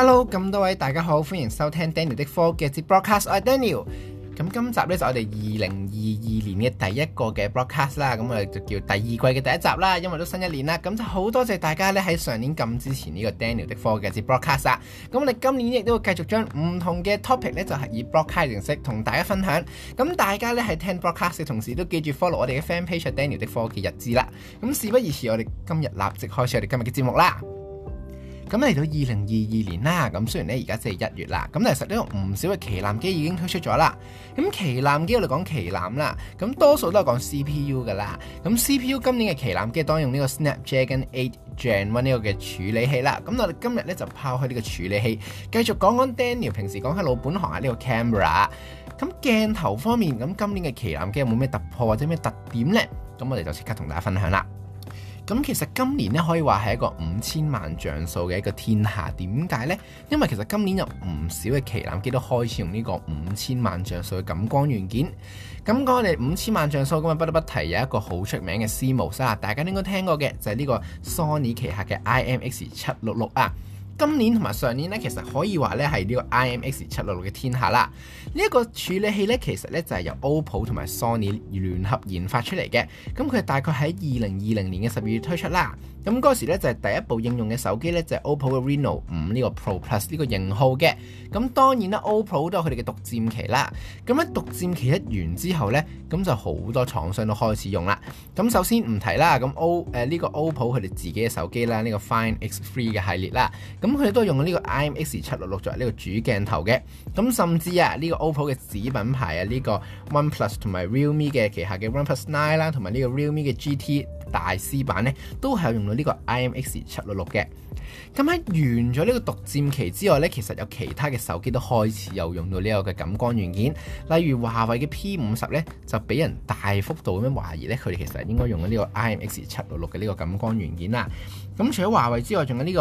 Hello，咁多位大家好，歡迎收聽 Daniel 的科技日誌 Broadcast。我係 Daniel，咁今集呢就我哋二零二二年嘅第一個嘅 Broadcast 啦，咁我哋就叫第二季嘅第一集啦，因為都新一年啦，咁就好多謝大家呢喺上年咁支持呢個 Daniel 的科技日誌 Broadcast 啦。咁我哋今年亦都會繼續將唔同嘅 topic 呢就係以 Broadcast 形式同大家分享。咁大家呢喺聽 Broadcast 嘅同時都記住 follow 我哋嘅 Fan Page Daniel 的科技日誌啦。咁事不宜遲，我哋今日立即開始我哋今日嘅節目啦。咁嚟到二零二二年啦，咁雖然咧而家先係一月啦，咁其實都有唔少嘅旗艦機已經推出咗啦。咁旗艦機我哋講旗艦啦，咁多數都係講 C P U 噶啦。咁 C P U 今年嘅旗艦機當然用呢個 Snapdragon Eight Gen One 呢個嘅處理器啦。咁我哋今日咧就拋開呢個處理器，繼續講講 Daniel 平時講緊老本行啊呢個 camera。咁鏡頭方面，咁今年嘅旗艦機有冇咩突破或者咩特點呢？咁我哋就即刻同大家分享啦。咁其實今年咧可以話係一個五千萬像素嘅一個天下，點解呢？因為其實今年有唔少嘅旗艦機都開始用呢個五千萬像素嘅感光元件。咁講我哋五千萬像素，咁啊不得不提有一個好出名嘅 CMOS，大家應該聽過嘅就係、是、呢個 Sony 旗下嘅 IMX 七六六啊。今年同埋上年咧，其實可以話咧係呢個 IMX 七六六嘅天下啦。呢一個處理器咧，其實咧就係由 OPPO 同埋 Sony 聯合研發出嚟嘅。咁佢大概喺二零二零年嘅十二月推出啦。咁嗰時咧就係第一部應用嘅手機咧就係 OPPO 嘅 Reno 五呢個 Pro Plus 呢個型號嘅。咁當然啦，OPPO 都有佢哋嘅獨佔期啦。咁喺獨佔期一完之後咧，咁就好多廠商都開始用啦。咁首先唔提啦，咁、呃這個、OP 呢個 OPPO 佢哋自己嘅手機啦，呢、這個 Find X3 嘅系列啦，咁佢哋都用呢個 IMX 七六六作為呢個主鏡頭嘅，咁甚至啊，呢個 OPPO 嘅子品牌啊，呢個 OnePlus 同埋 Realme 嘅旗下嘅 OnePlus Nine 啦，同埋呢個 Realme 嘅 GT 大師版呢，都係用到呢個 IMX 七六六嘅。咁喺完咗呢個獨佔期之外呢，其實有其他嘅手機都開始又用到呢個嘅感光元件，例如華為嘅 P 五十呢，就俾人大幅度咁樣懷疑呢，佢哋其實應該用緊呢個 IMX 七六六嘅呢個感光元件啦。咁除咗華為之外，仲有呢個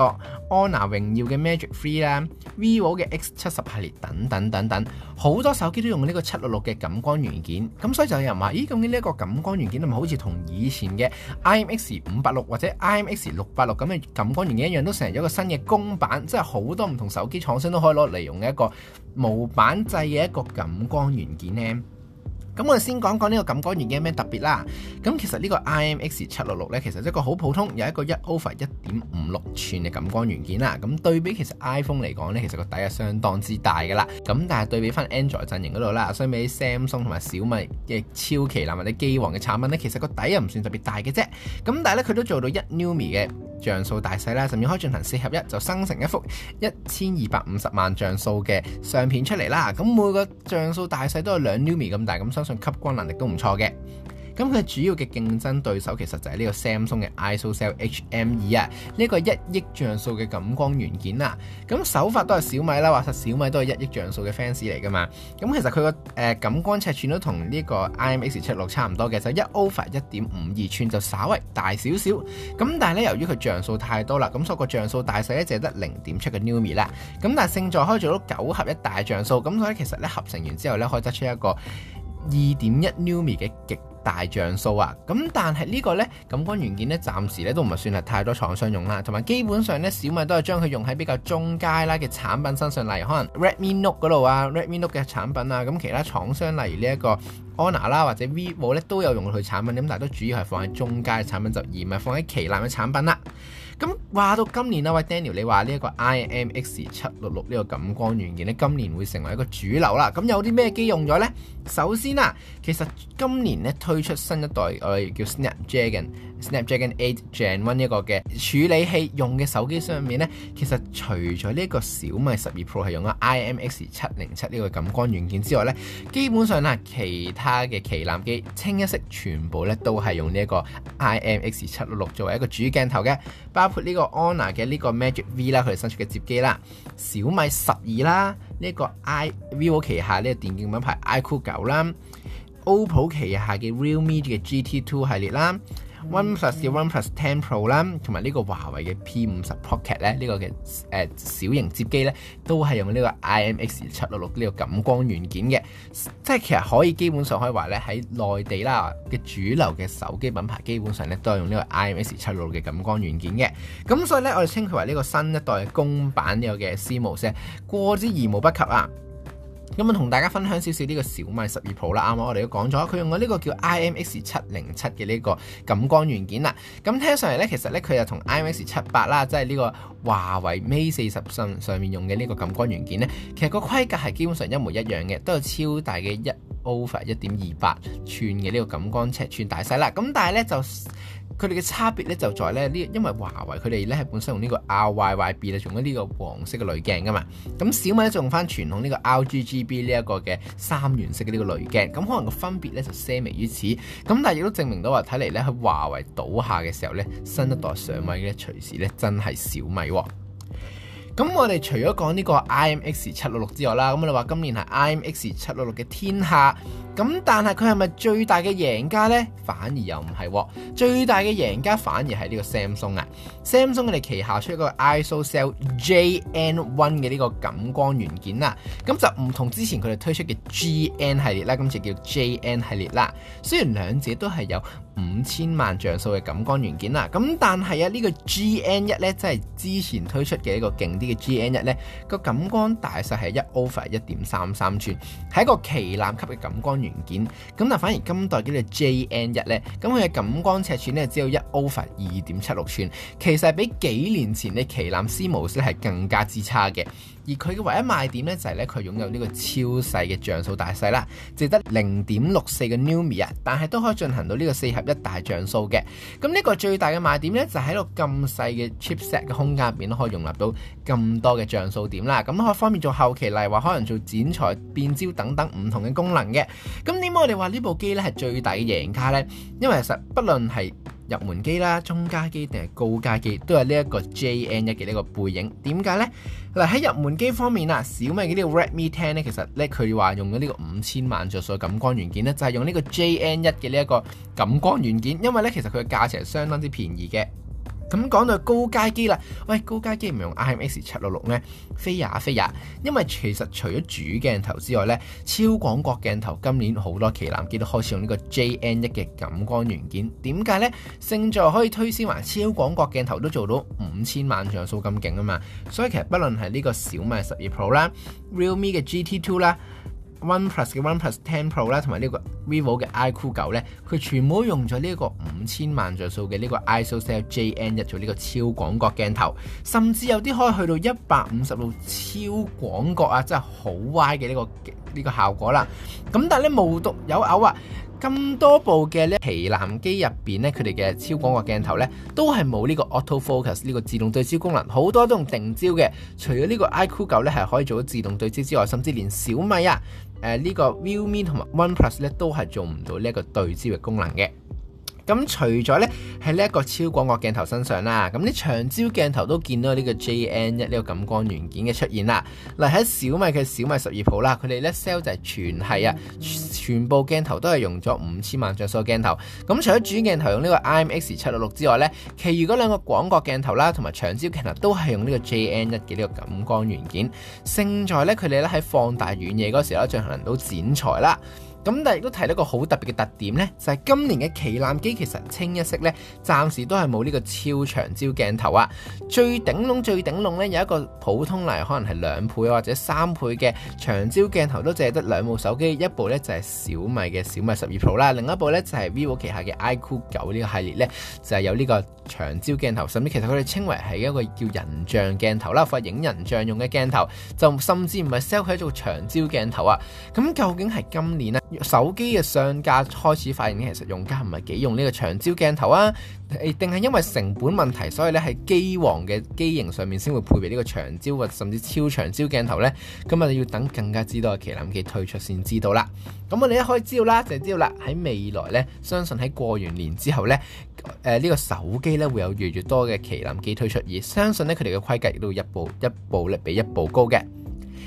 Honor 榮耀嘅 Magic 3啦、Vivo 嘅 X 七十系列等等等等，好多手機都用呢個七六六嘅感光元件。咁所以就有人話：咦，究竟呢一個感光元件係咪好似同以前嘅 IMX 五八六或者 IMX 六八六咁嘅感光元件一樣，都成為咗一個新嘅公版？即係好多唔同手機廠商都可以攞嚟用嘅一個模板製嘅一個感光元件咧。咁我哋先講講呢個感光元件有咩特別啦。咁其實呢個 IMX 七六六呢，其實一個好普通，有一個一 over 一點五六寸嘅感光元件啦。咁對比其實 iPhone 嚟講呢，其實個底係相當之大噶啦。咁但係對比翻 Android 陣營嗰度啦，相比 Samsung 同埋小米嘅超旗艦或者機皇嘅產品呢，其實個底又唔算特別大嘅啫。咁但係呢，佢都做到一 n u m 米嘅。像素大細啦，甚至可以進行四合一，就生成一幅一千二百五十萬像素嘅相片出嚟啦。咁每個像素大細都有兩微米咁大，咁相信吸光能力都唔錯嘅。咁佢主要嘅競爭對手其實就係呢個 Samsung 嘅 ISOCELL HM2 啊，呢一個一億像素嘅感光元件啦。咁手法都係小米啦，話實小米都係一億像素嘅 fans 嚟㗎嘛。咁其實佢個誒感光尺寸都同呢個 IMX 七六差唔多嘅，就一 over 一點五二寸就稍為大少少。咁但係咧，由於佢像素太多啦，咁所以個像素大細咧就得零點七嘅 numi 啦。咁但係勝在可以做到九合一大像素，咁所以其實咧合成完之後咧可以得出一個二點一 numi 嘅極。大像素啊，咁但係呢個呢，感光元件呢，暫時呢都唔係算係太多廠商用啦，同埋基本上呢，小米都係將佢用喺比較中階啦嘅產品身上，例如可能 Redmi Note 嗰度啊，Redmi Note 嘅產品啊，咁其他廠商例如呢一個 Honor 啦或者 Vivo 呢，都有用佢產品，咁但係都主要係放喺中階嘅產品就而唔係放喺旗艦嘅產品啦。咁話到今年啦，喂 Daniel，你話呢一個 IMX 七六六呢個感光元件咧，今年會成為一個主流啦。咁有啲咩機用咗呢？首先啊，其實今年咧推出新一代我哋叫 Snapdragon Snapdragon 8 Gen One 一個嘅處理器用嘅手機上面呢，其實除咗呢一個小米十二 Pro 係用咗 IMX 七零七呢個感光元件之外呢，基本上啊其他嘅旗艦機清一色全部呢都係用呢一個 IMX 七六六作為一個主鏡頭嘅，包包括呢個 Honor 嘅呢個 Magic V 啦，佢哋新出嘅摺機啦，小米十二啦，呢個 iVivo 旗下呢個電競品牌 iQOO 九啦，OPPO 旗下嘅 Realme 嘅 GT Two 系列啦。OnePlus One Plus Ten Pro 啦，同埋呢個華為嘅 P 五十 Pocket 咧，呢個嘅誒小型摺機咧，都係用呢個 IMX 七六六呢個感光元件嘅，即係其實可以基本上可以話咧，喺內地啦嘅主流嘅手機品牌基本上咧都係用呢個 IMX 七六六嘅感光元件嘅，咁所以咧我哋稱佢為呢個新一代公版呢個嘅 CMOS，過之而無不及啊！咁啊，同大家分享少少呢個小米十二 Pro 啦，啱啱我哋都講咗，佢用咗呢個叫 IMX 七零七嘅呢個感光元件啦。咁聽上嚟呢，其實呢，佢又同 IMX 七百啦，即係呢個華為 Mate 四十上上面用嘅呢個感光元件呢，其實個規格係基本上一模一樣嘅，都有超大嘅一 over 一點二八寸嘅呢個感光尺寸大細啦。咁但係呢，就。佢哋嘅差別咧就在咧呢，因為華為佢哋咧係本身用呢個 RYYB 咧，用緊呢個黃色嘅濾鏡噶嘛，咁小米咧就用翻傳統呢個 RGGB 呢一個嘅三原色嘅呢個濾鏡，咁可能個分別咧就些微於此，咁但係亦都證明到話睇嚟咧喺華為倒下嘅時候咧，新一代上位嘅隨時咧真係小米喎。咁我哋除咗講呢個 IMX 七六六之外啦，咁你話今年係 IMX 七六六嘅天下，咁但係佢係咪最大嘅贏家咧？反而又唔係，啊，最大嘅贏家反而係呢個 Samsung 啊。Samsung 佢哋旗下出一個 ISOCELL JN1 嘅呢個感光元件啦，咁就唔同之前佢哋推出嘅 GN 系列啦，今次叫 JN 系列啦。雖然兩者都係有五千萬像素嘅感光元件啦，咁但係啊、這個、1呢個 GN 一咧，即係之前推出嘅一個勁啲。嘅 g n 一咧，個感光大細係一 over 一點三三寸，係一個旗艦級嘅感光元件。咁但反而今代1呢個 JN 一咧，咁佢嘅感光尺寸咧，只有一 over 二點七六寸，其實係比幾年前嘅旗艦 C 模式係更加之差嘅。而佢嘅唯一賣點咧，就係咧，佢擁有呢個超細嘅像素大細啦，只得零點六四嘅 new 米啊，但係都可以進行到呢個四合一大像素嘅。咁呢個最大嘅賣點咧，就係喺個咁細嘅 chipset 嘅空間入邊都可以容納到咁。咁多嘅像素點啦，咁可以方便做後期，例如話可能做剪裁、變焦等等唔同嘅功能嘅。咁點解我哋話呢部機呢係最抵贏家呢？因為其實不論係入門機啦、中階機定係高階機，都係呢一個 JN 一嘅呢個背影。點解呢？嗱，喺入門機方面啊，小米呢個 Redmi Ten 咧，其實呢，佢話用咗呢個五千萬像素感光元件呢，就係用呢個 JN 一嘅呢一個感光元件，因為呢，其實佢嘅價錢係相當之便宜嘅。咁講到高階機啦，喂，高階機唔用 IMX 七六六呢？非呀非呀！因為其實除咗主鏡頭之外呢，超廣角鏡頭今年好多旗艦機都開始用呢個 JN 一嘅感光元件，點解呢？星座可以推銷埋超廣角鏡頭都做到五千萬像素咁勁啊嘛，所以其實不論係呢個小米十二 Pro 啦，Realme 嘅 GT Two 啦。OnePlus 嘅 OnePlus Ten Pro 啦，同埋呢個 Vivo 嘅 iQOO 九咧，佢全部都用咗呢個五千萬像素嘅呢個 ISOCELL JN 一做呢個超廣角鏡頭，甚至有啲可以去到一百五十度超廣角啊，真係好歪嘅呢個呢個效果啦。咁但係咧，無獨有偶啊，咁多部嘅呢旗艦機入邊咧，佢哋嘅超廣角鏡頭咧，都係冇呢個 auto focus 呢個自動對焦功能，好多都用定焦嘅。除咗呢個 iQOO 九咧係可以做到自動對焦之外，甚至連小米啊～誒、uh, 呢個 ViewMe 同埋 OnePlus 咧都係做唔到呢一個對焦嘅功能嘅。咁除咗呢喺呢一個超廣角鏡頭身上啦，咁啲長焦鏡頭都見到呢個 JN 一呢個感光元件嘅出現啦。嗱喺小米嘅小米十二 Pro 啦，佢哋呢 sell 就係全係啊，全部鏡頭都係用咗五千萬像素鏡頭。咁除咗主鏡頭用呢個 IMX 七六六之外呢，其餘嗰兩個廣角鏡頭啦，同埋長焦鏡頭都係用呢個 JN 一嘅呢個感光元件。勝在呢，佢哋咧喺放大遠嘢嗰時咧，進行到剪裁啦。咁但係亦都提到一個好特別嘅特點呢，就係今年嘅旗艦機其實清一色呢，暫時都係冇呢個超長焦鏡頭啊！最頂籠最頂籠呢，有一個普通例如可能係兩倍或者三倍嘅長焦鏡頭都淨係得兩部手機，一部呢就係小米嘅小米十二 Pro 啦，另一部呢就係 VIVO 旗下嘅 iQOO 九呢個系列呢，就係有呢個長焦鏡頭，甚至其實佢哋稱為係一個叫人像鏡頭啦，或者影人像用嘅鏡頭，就甚至唔係 sell 佢做長焦鏡頭啊！咁究竟係今年咧？手機嘅上架開始發現，其實用家唔係幾用呢個長焦鏡頭啊，定係因為成本問題，所以咧係機皇嘅機型上面先會配備呢個長焦或甚至超長焦鏡頭咧，咁啊要等更加之多嘅旗艦機推出先知道啦。咁我哋一可以知道啦，就係知道啦，喺未來呢，相信喺過完年之後呢，誒、這、呢個手機呢會有越越多嘅旗艦機推出，而相信呢，佢哋嘅規格亦都一步一步咧比一步高嘅。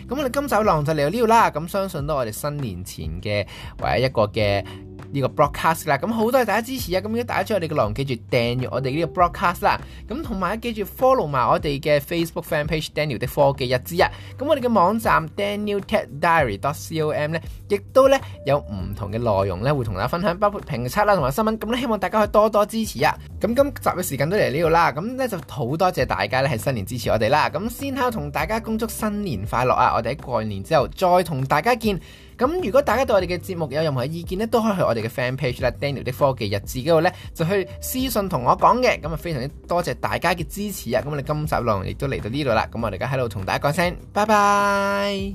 咁我哋今集就嚟到呢度啦，咁相信都係我哋新年前嘅唯一一個嘅。呢個 broadcast 啦，咁好多謝大家支持啊！咁如果大家鍾意我哋嘅內容，記住訂閱我哋呢個 broadcast 啦。咁同埋咧，記住 follow 埋我哋嘅 Facebook fan page Daniel 的科技日誌。咁我哋嘅網站 DanielTechDiary.com 咧，亦都咧有唔同嘅內容咧，會同大家分享，包括評測啦，同埋新聞。咁咧，希望大家可以多多支持啊！咁今集嘅時間都嚟呢度啦，咁咧就好多謝大家咧，喺新年支持我哋啦。咁先喺度同大家恭祝新年快樂啊！我哋喺過年之後再同大家見。咁如果大家對我哋嘅節目有任何嘅意見咧，都可以去我哋嘅 fan page 啦，Daniel 的科技日誌嗰度呢，就去私信同我講嘅。咁啊，非常之多謝大家嘅支持啊！咁我哋今集內容亦都嚟到呢度啦。咁我哋而家喺度同大家講聲，拜拜。